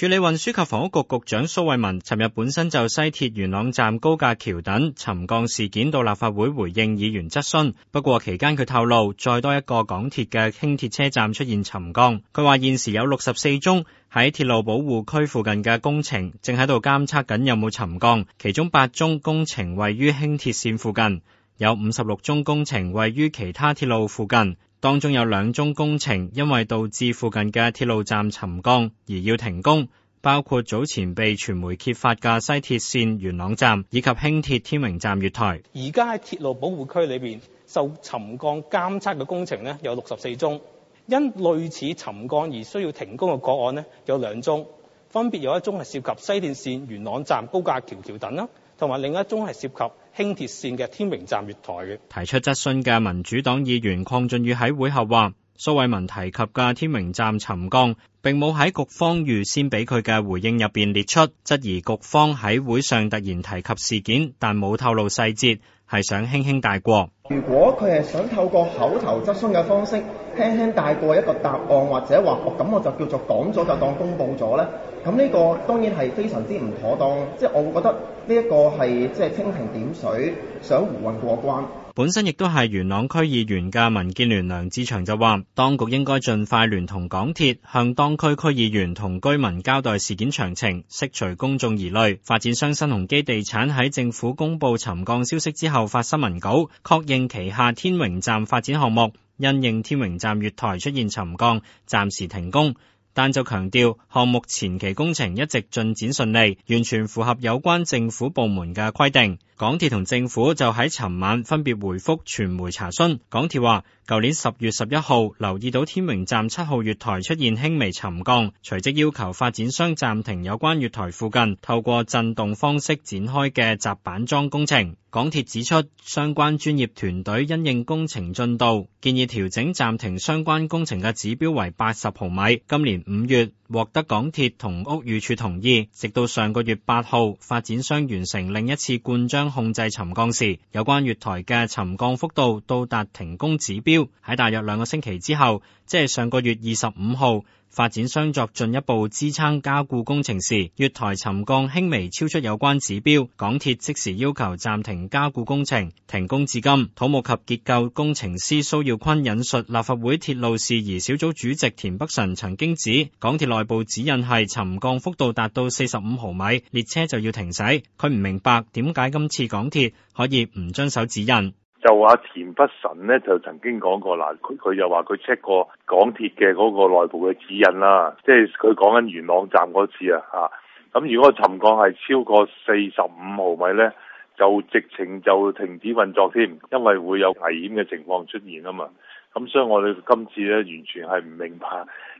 處理運輸及房屋局局長蘇偉文，尋日本身就西鐵元朗站高架橋躉沉降事件到立法會回應議員質詢，不過期間佢透露再多一個港鐵嘅輕鐵車站出現沉降，佢話現時有六十四宗喺鐵路保護區附近嘅工程正喺度監測緊有冇沉降，其中八宗工程位於輕鐵綫附近，有五十六宗工程位於其他鐵路附近。當中有兩宗工程因為導致附近嘅鐵路站沉降而要停工，包括早前被傳媒揭發嘅西鐵綫元朗站以及輕鐵天榮站月台。而家喺鐵路保護區裏邊受沉降監測嘅工程呢，有六十四宗，因類似沉降而需要停工嘅個案呢，有兩宗，分別有一宗係涉及西鐵綫元朗站高架橋橋躉啦，同埋另一宗係涉及。輕鐵線嘅天榮站月台嘅。提出質詢嘅民主黨議員鄺俊宇喺會後話，蘇偉文提及嘅天榮站沉降並冇喺局方預先俾佢嘅回應入邊列出，質疑局方喺會上突然提及事件，但冇透露細節，係想輕輕帶過。如果佢係想透過口頭質詢嘅方式，輕輕帶過一個答案，或者話我咁我就叫做講咗就當公布咗呢，咁呢個當然係非常之唔妥當，即係我會覺得呢一個係即係蜻蜓點水，想胡混過關。本身亦都係元朗區議員嘅民建聯梁志祥就話，當局應該盡快聯同港鐵向當區區議員同居民交代事件詳情，釋除公眾疑慮。發展商新鴻基地產喺政府公布沉降消息之後發新聞稿，確認。旗下天榮站發展項目，因應天榮站月台出現沉降，暫時停工。但就強調，項目前期工程一直進展順利，完全符合有關政府部門嘅規定。港鐵同政府就喺尋晚分別回覆傳媒查詢。港鐵話，舊年十月十一號留意到天榮站七號月台出現輕微沉降，隨即要求發展商暫停有關月台附近透過震動方式展開嘅閘板樁工程。港鐵指出，相關專業團隊因應工程進度，建議調整暫停相關工程嘅指標為八十毫米。今年五月獲得港鐵同屋宇署同意，直到上個月八號，發展商完成另一次灌漿。控制沉降時，有關月台嘅沉降幅度到達停工指標。喺大約兩個星期之後，即係上個月二十五號。發展商作進一步支撐加固工程時，月台沉降輕微超出有關指標，港鐵即時要求暫停加固工程停工至今。土木及結構工程師蘇耀坤引述立法會鐵路事宜小組主席田北辰曾經指，港鐵內部指引係沉降幅度達到四十五毫米，列車就要停駛。佢唔明白點解今次港鐵可以唔遵守指引。就話田北辰咧，就曾經講過嗱，佢佢又話佢 check 過港鐵嘅嗰個內部嘅指引啦、啊，即係佢講緊元朗站嗰次啊，嚇、啊、咁、嗯、如果沉降係超過四十五毫米呢，就直情就停止運作添，因為會有危險嘅情況出現啊嘛。咁、啊啊、所以我哋今次呢，完全係唔明白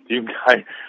點解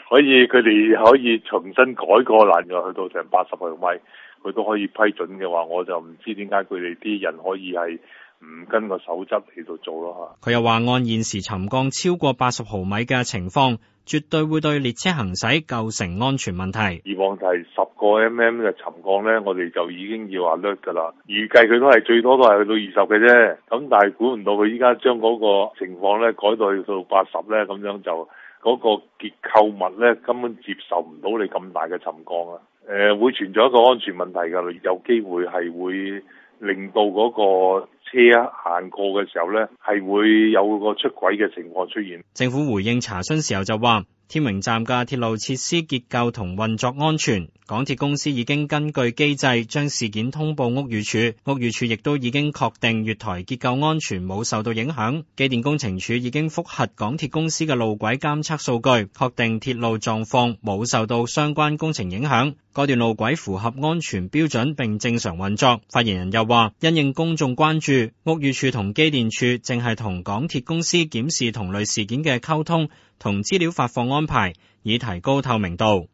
可以佢哋可以重新改過，然又去到成八十毫米，佢都可以批准嘅話，我就唔知點解佢哋啲人可以係。唔跟個手執喺度做咯嚇。佢又話：按現時沉降超過八十毫米嘅情況，絕對會對列車行駛構成安全問題。以往係十個 mm 嘅沉降咧，我哋就已經要話擸㗎啦。預計佢都係最多都係去到二十嘅啫。咁但係估唔到佢依家將嗰個情況咧改到去到八十咧，咁樣就嗰、那個結構物咧，根本接受唔到你咁大嘅沉降啊！誒、呃，會存在一個安全問題㗎，有機會係會令到嗰、那個。車行過嘅時候呢，係會有個出軌嘅情況出現。政府回應查詢時候就話：天榮站嘅鐵路設施結構同運作安全，港鐵公司已經根據機制將事件通報屋宇署，屋宇署亦都已經確定月台結構安全冇受到影響。機電工程署已經複核港鐵公司嘅路軌監測數據，確定鐵路狀況冇受到相關工程影響，該段路軌符合安全標準並正常運作。發言人又話：因應公眾關注。屋宇署同機電署正係同港鐵公司檢視同類事件嘅溝通同資料發放安排，以提高透明度。